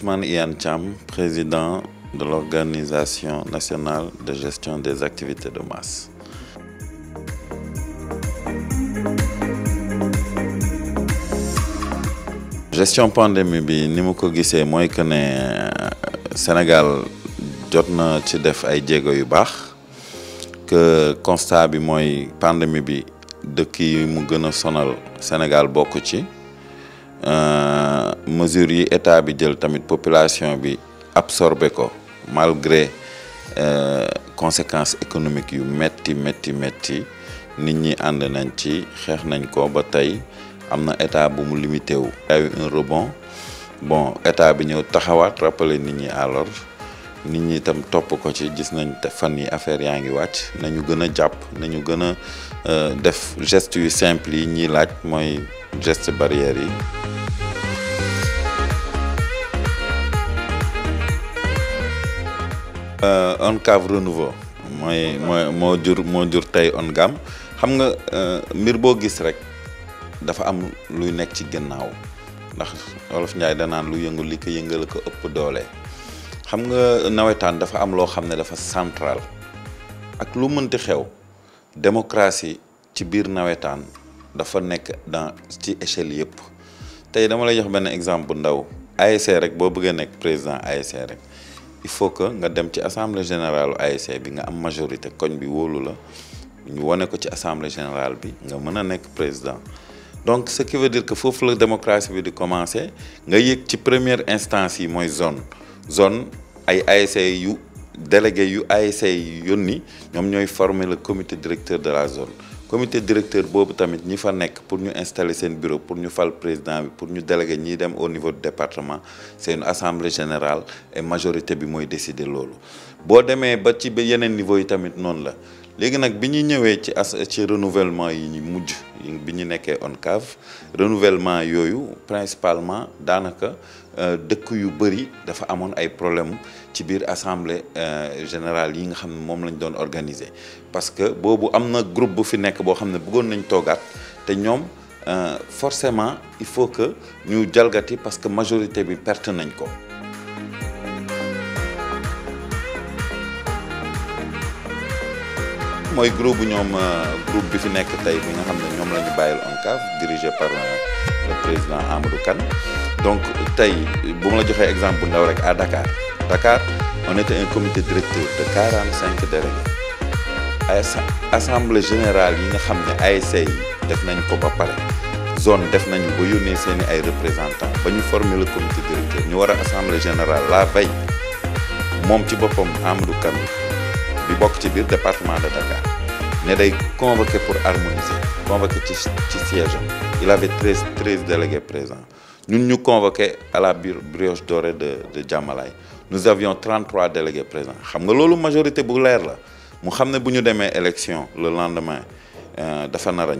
Ousmane Ian Cham, président de l'Organisation nationale de gestion des activités de masse. gestion pandémie bi ni mu ko que euh, Sénégal jotna ci def ay que constat bi pandémie bi de mu sonal Sénégal euh, mesures yi état bi population bi ko malgré euh, conséquences économiques yu metti metti metti nit ñi and nañ ci xex limité wu. un rebond bon état bi ñeu taxawat rappeler nit ñi alors nit ñi tam ko ci gis nañ affaire euh, geste ONCAV euh, renouveau mooy mooy moo jur moo jur tey ONGAM xam nga euh, mbir boo gis rek dafa am luy nekk ci ginnaaw ndax Wolof Njaay danaan lu yëngu li ko yëngal ko ëpp doole xam nga nawetaan dafa am loo xam ne dafa central ak lu mënti xew démocratie ci biir nawetaan dafa nekk dans ci échelle yëpp tey dama lay jox benn exemple ndaw ASC rek boo bëggee nekk président ASC rek il faut que nga dem ci assemblée générale ASC bi nga am majorité koñ bi wolula ñu ko assemblée générale bi nga président donc ce qui veut dire que que la démocratie bi di commencer nga que ci première instance yi la zone zone ay ASC yu délégué yu ASC yoni former le comité directeur de la zone comité directeur est tamit ñi fa pour nous installer un bureau pour faire le président pour nous déléguer au niveau du département c'est une assemblée générale et majorité bi moy décider lolu bo démé ba ci yenen niveau yi tamit non la légui nak bi ci renouvellement yi ñi mujj le cave. renouvellement principalement d'Anaka. Euh, dëkk yu bëri dafa amoon ay problème ci biir assemblée euh, générale yi nga xam ne moom lañ doon organiser parce que boobu am na groupe bu fi nekk boo xam ne bëggoon nañ toogaat te ñoom euh, forcément il faut que ñu jalgati parce que majorité bi perte nañ ko mooy groupe bu ñoom groupe bi fi nekk tey bi nga xam ne ñoom la ñu bàyyil cave, dirigé par le président Amadou Kane donc si je vous la un exemple ndaw à Dakar Dakar on était un comité directeur de 45 délégués L'Assemblée assemblée générale yi nga xam de ASC def nañ zone def nañu ba yónnee ay représentants ba ñu former le comité directeur ñu Nous l'assemblée assemblée générale la veille mon ci boppam Amadou Kane bi bokk ci le département de Dakar Nous day convoqué pour harmoniser convoqué pour ci siège il avait 13 délégués présents nous nous convoqués à la brioche dorée de, de Nous avions 33 délégués présents. Vous savez, la majorité pour l'air. Nous savons que nous avons élection le lendemain de euh, d'Afanara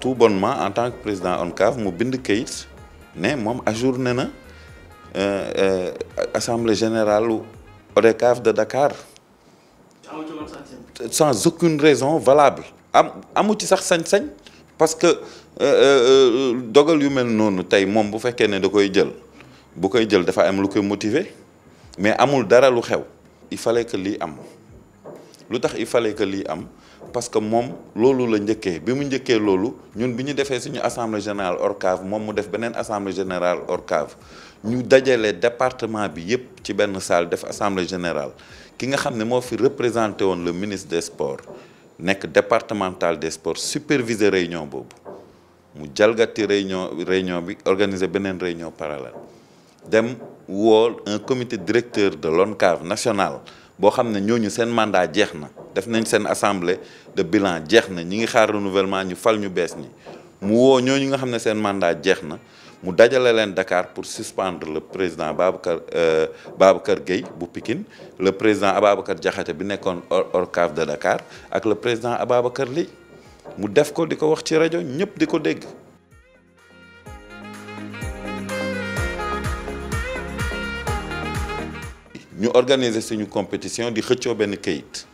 Tout bonnement, en tant que président ONCAV, nous avons dit à jour ajourné euh, l'Assemblée euh, générale ODECAV de Dakar. Sans aucune raison valable. Amu ci sax sañ parce que euh, euh, euh, dogal yu mel noonu tay mom bu fekkee ne da bu koy dafa mais amul dara lu il fallait que li am lu il fallait que li am parce que nous sommes la ñëkke bi mu ñëkke lolu ñun biñu nous générale ORCAV Nous mu def benen assemblée générale ORCAV ñu dajale département bi yépp ci benn salle def assemblée générale ki nga le ministre des sports nekk départemental des sports superviser réunion boobu mu jalgati réunion réunion bi organiser beneen réunion parallèle dem wool un comité directeur de l'ONCAV national Nous avons ne ñooñu seen mandat jeex def nañ assemblée de bilan jeex na ñi ngi xaar renouvellement ñu fal ñu bees ñi mu mandat mu dajale leen Dakar pour suspendre le président Babacar euh, Babacar Gueye bu pikin le président Ababacar Diakhaté bi nekkoon ORCAV de Dakar ak le président Ababacar li mu def ko di ko wax ci rajo ñëpp di ko dégg. ñu organiser suñu compétition di xëccoo benn kayit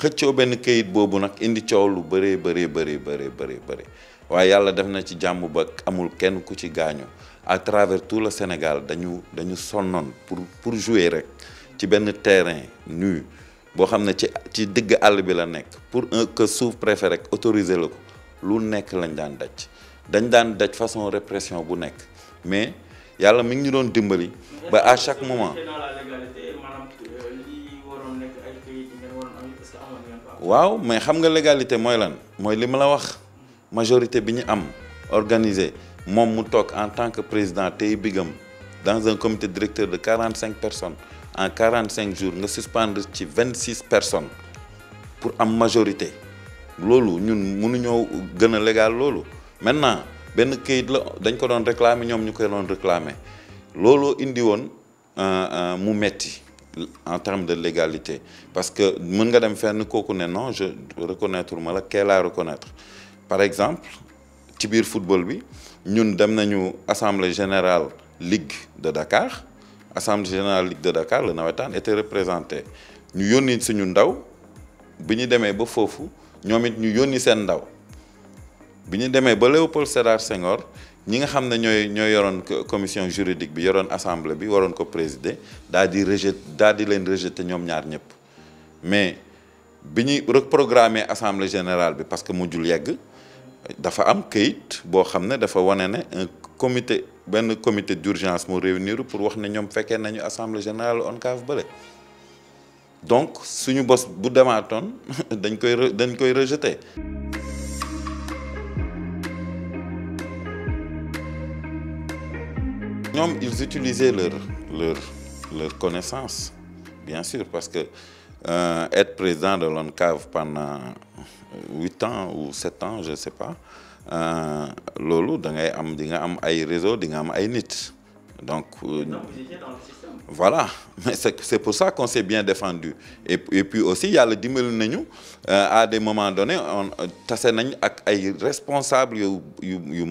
xëccoo benn kayit boobu nag indi coow lu bëree bëree bëree bëree bëree. waaye yàlla def na ci jàmm ba amul kenn ku ci gaañu à travers tout le Sénégal dañu dañu sonnoon pour pour jouer rek ci benn terrain nu boo xam ne ci ci digg àll bi la nekk pour un que suuf préfet rek autoriser la ko lu nekk lañ daan daj dañ daan daj façon répression bu nekk mais yàlla mi ngi ñu doon dimbali ba à chaque moment waaw mais xam nga légalité mooy lan mooy li ma la wax majorité bi am organisé en tant que président dans un comité directeur de 45 personnes en 45 jours nous suspendre 26 personnes pour une majorité Nous ñun mënuñoo gën légal maintenant nous avons la dañ ko doon réclamer ñom réclamer indi euh, euh, mu en termes de légalité parce que mën nga dem fenn kooku non je reconnaître ma la a reconnaître par exemple ci biir football bi ñun dem nañu assemblée générale ligue de Dakar assemblée générale ligue de Dakar le nawetaan était représenté ñu yónni suñu ndaw bi ñu demee ba fofu, ñoom it ñu yónni seen ndaw bi ñu demee ba Léopold Sédar Senghor ñi nga xam ne ñooy ñooy commission juridique bi yoroon assemblée bi avons ko présider daal di rejet daal di leen rejeter ñoom ñaar ñëpp mais bi reprogrammé assemblée générale bi parce que mujjul yegg dafa am kayit bo xam dafa wane né un comité benn comité d'urgence mo réunir pour wax ne ñom féké nañu assemblée générale ONCAV bële donc suñu boss bu demaatoon dañ koy dañ koy rejeter. ils utilisaient leur leur leur connaissance bien sûr parce que euh, être président de l'ONCAV pendant 8 ans ou 7 ans, je ne sais pas, lolo, tu as des réseaux, tu as des Donc, euh, Donc vous étiez dans le système. Voilà, mais c'est pour ça qu'on s'est bien défendu. Et, et, puis aussi, il y a le 10 000 nous, euh, à des moments donnés, on tassé nañ ak ay responsables yu yu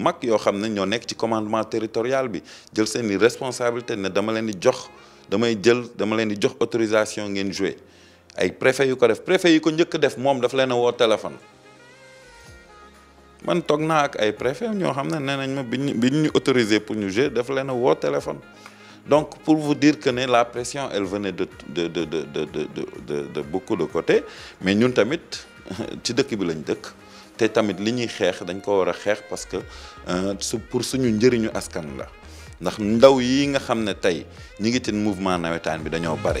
commandement territorial bi jël seen responsabilité de dama des di jox damay jël autorisation ngeen jouer ay préfet yu ko def préfet yu ko ñëk def moom daf leen a woo téléphone man toog naa ak ay préfet ñoo xam ne nee nañ ma bi ñu ñu autorisé pour ñu jouer daf leen a woo téléphone donc pour vous dire que ne la pression elle venait de de de de de de de de, de beaucoup de côté mais ñun tamit ci dëkk bi lañ dëkk te tamit li ñuy xeex dañ ko war a xeex parce que euh, su pour suñu njëriñu askan la ndax ndaw yi nga xam ne tey ñi ngi ci mouvement nawetaan bi dañoo bare.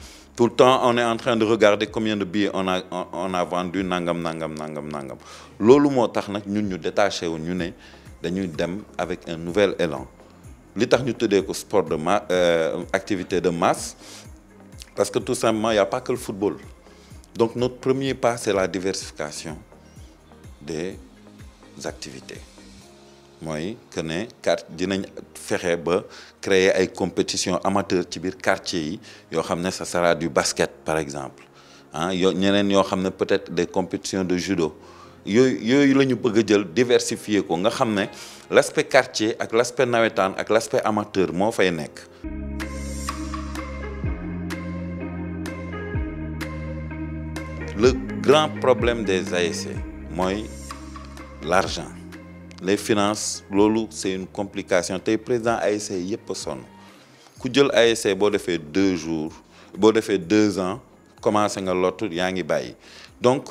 Tout on est en train de regarder combien de billets on a, on, a vendu, nangam, nangam, nangam, nangam. Lolo motax nak ñun ñu détaché wu dem avec un nouvel élan. Nous tax ñu sport de euh, activité de masse parce que tout simplement, il n'y a pas que le football. Donc notre premier pas c'est la diversification des activités cest que les quart dinañ ba créer ay compétition amateur ci biir quartier yi ça sera du basket par exemple Il ah, y peut-être des compétitions de judo Nous yooyu diversifier l'aspect quartier ak l'aspect navetan l'aspect amateur le grand problème des ASC c'est l'argent les finances c'est une complication le président il n'y a sonn ku essayé Il a fait deux jours a fait deux ans commencé nga l'autre yaa ngi donc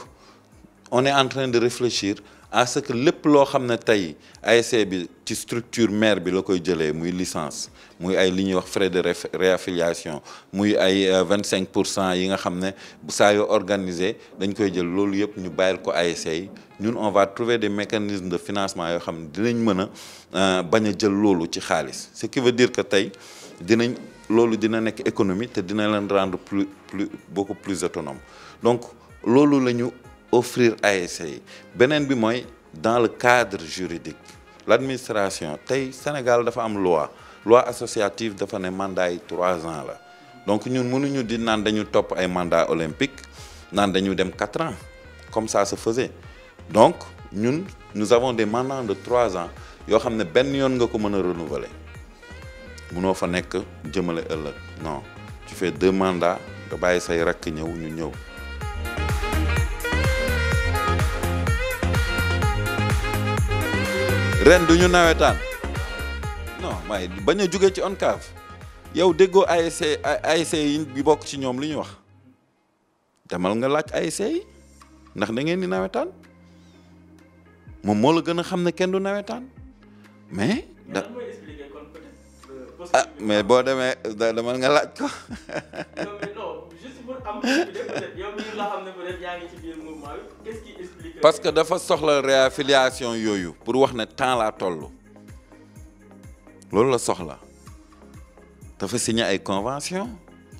on est en train de réfléchir à ce que lepp lo xamne tay tey ASC bi ci structure mère bi la koy jëlé muy licence muy ay li ñuy wax frais de réaffiliation muy ay 25% euh, yi nga xamne bu saa yoo organisé dañ koy jël lolu yépp ñu bàyyil ko ASC ñun on va trouver des mécanismes de financement yo xamne dinañ mëna euh, baña jël lolu ci xaalis ce qui veut dire que tay dinañ lolu dina nek économie te dina leen rendre plus plus beaucoup plus autonome donc lolu lañu offrir à essayer. dans le cadre juridique l'administration le Sénégal dafa une loi loi associative fait un mandat de trois ans donc nous mënuñu di nous top un mandat olympique quatre ans comme ça se faisait donc nous avons des mandats de trois ans renouveler fa faire non tu fais deux mandats ren du ñu nawetaan non waaye bañ a jóge ci ONCAV yow déggoo ASC ASC yi bokk ci ñoom lu ñu wax demal nga laaj ASC yi ndax da ngeen di nawetaan moom moo la gën a xam ne kenn du nawetaan mais. da euh, ah mais boo demee demal nga laaj ko. juste pour am yow mii nga xam ne peut être yaa ngi ci biir mouvement bi qu'est-ce qui explique. parce que dafa soxla réaffiliation yoyu pour wax né temps la toll loolu la soxla dafa signé ay convention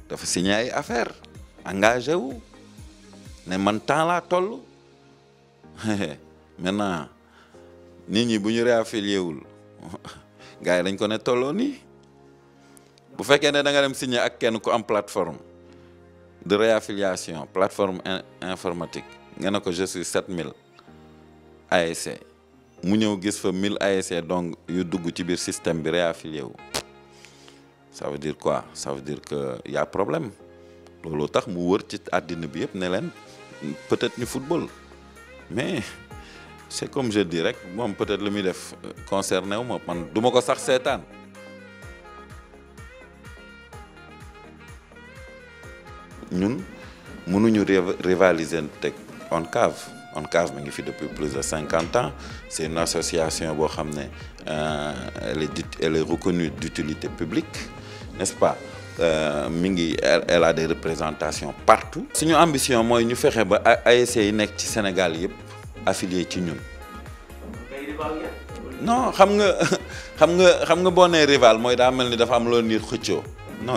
dafa signé ay affaire engagé wu né man temps la toll maintenant nit ñi bu ñu réaffilié wul gars dañ ko né tolloo ni bu fekkee ne da nga dem signé ak kenn ku am plateforme de réaffiliation plateforme informatique nga que je suis 7000 ASC mu ñëw gis 1000 ASC donc yu dugg ci système bi réaffilié ça veut dire quoi ça veut dire que y a un problème looloo tax mu wër ci àddina bi ne peut-être ñu football mais c'est comme je dirais, moi peut-être lu mieux def euh, concerné wu ma man ko sax nous mënuñu rivaliser avec ONCAV ONCAV est ici depuis plus de 50 ans c'est une association qui euh, est est reconnue d'utilité publique n'est-ce pas euh, elle a des représentations partout Notre ambition mooy ñu fexe ba ASC yi sont ci Sénégal yëpp affilié ci ñun non xam nga xam nga xam nga boo rival C'est daa mel ni dafa am loo niir xëccoo non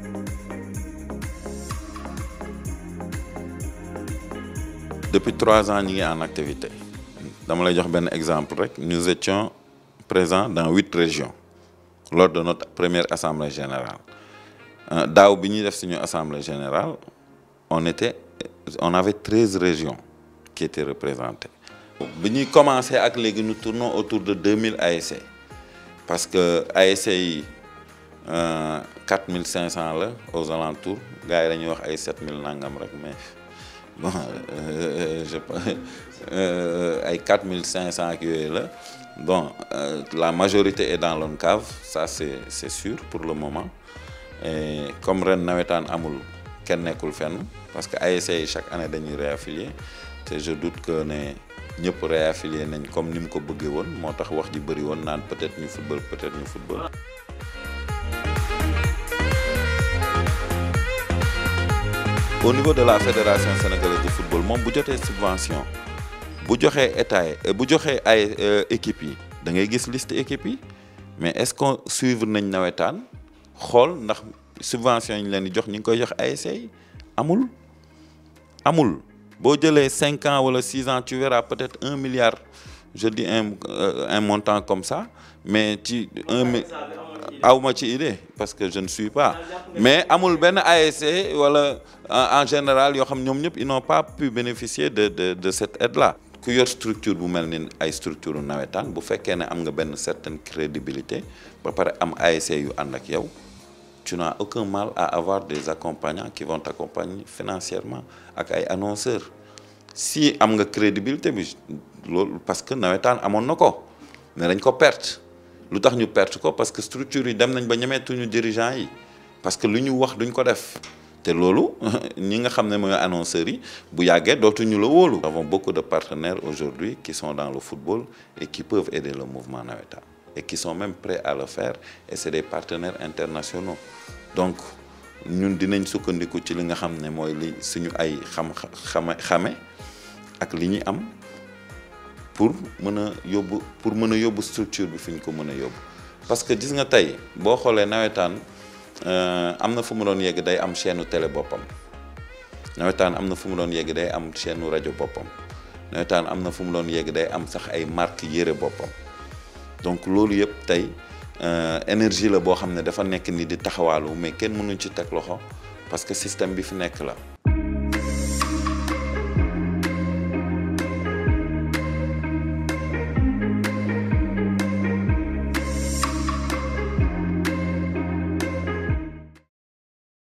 depuis trois ans nous sommes en activité dama vous jox un exemple nous étions présents dans huit régions lors de notre première assemblée générale euh, Dans bi de assemblée générale on était on avait 13 régions qui étaient représentées. nous avons commencé à nous tournons autour de 2.000 e. parce que ASC e euh, 4.500 aux alentours gars yi 7000 wax bon euh, euh, je sais pas euh, ay 4500 qui là. la bon la majorité est dans l'ONCAV ça c'est sûr pour le moment et comme ren qu'est-ce kenn nekkul fenn parce que ASC chaque année dañuy réaffilier je doute que ne ñëpp réaffilier comme nous le ko bëggee woon moo tax wax ji bëri peut-être ñu football peut-être ñu football. au niveau de la fédération sénégalaise de football mon bu jotee subvention bu joxee état euh, bu euh, équipe, ay équipes da liste équipes mais est-ce qu'on suivre nañ nawetaan hol, ndax subvention il ñu leen jox ñu koy jox amul amul boo les 5 ans wala 6 ans tu verras peut-être 1 milliard je dis un euh, un montant comme ça mais tu un awma ci idée parce que je ne suis pas mais amul benn ASC wala euh, en général ils n'ont pas pu bénéficier de de de cette aide là ku yor structure bu mel une ay structure nawetaan bu fekkee ne am nga certaine crédibilité ba pare am ASC yu ànd ak tu n'as aucun mal à avoir des accompagnants qui vont t'accompagner financièrement ak ay annonceurs si am nga crédibilité bi parce que nawetaan amoon na ko dañ ko perte nous avons ñu parce que structure yi dem nañ ba parce que lu ñu wax duñ ko def ñi nga ne nous avons beaucoup de partenaires aujourd'hui qui sont dans le football et qui peuvent aider le mouvement et qui sont même prêts à le faire et c'est des partenaires internationaux donc pour mën a yóbbu pour mën a yóbbu structure bi fi ñu ko mën a yóbbu parce que gis nga tey boo xoolee nawetaan euh, am na fu mu doon yegg day am chaîne télé boppam nawetaan am na fu mu doon yegg day am chaîne rajo boppam nawetaan am na fu mu doon yegg day am sax ay marque yére boppam donc loolu yëpp tey euh, énergie la boo xam ne dafa nekk ni di taxawaalu mais kenn mënuñ ci teg loxo parce que système bi fi nekk la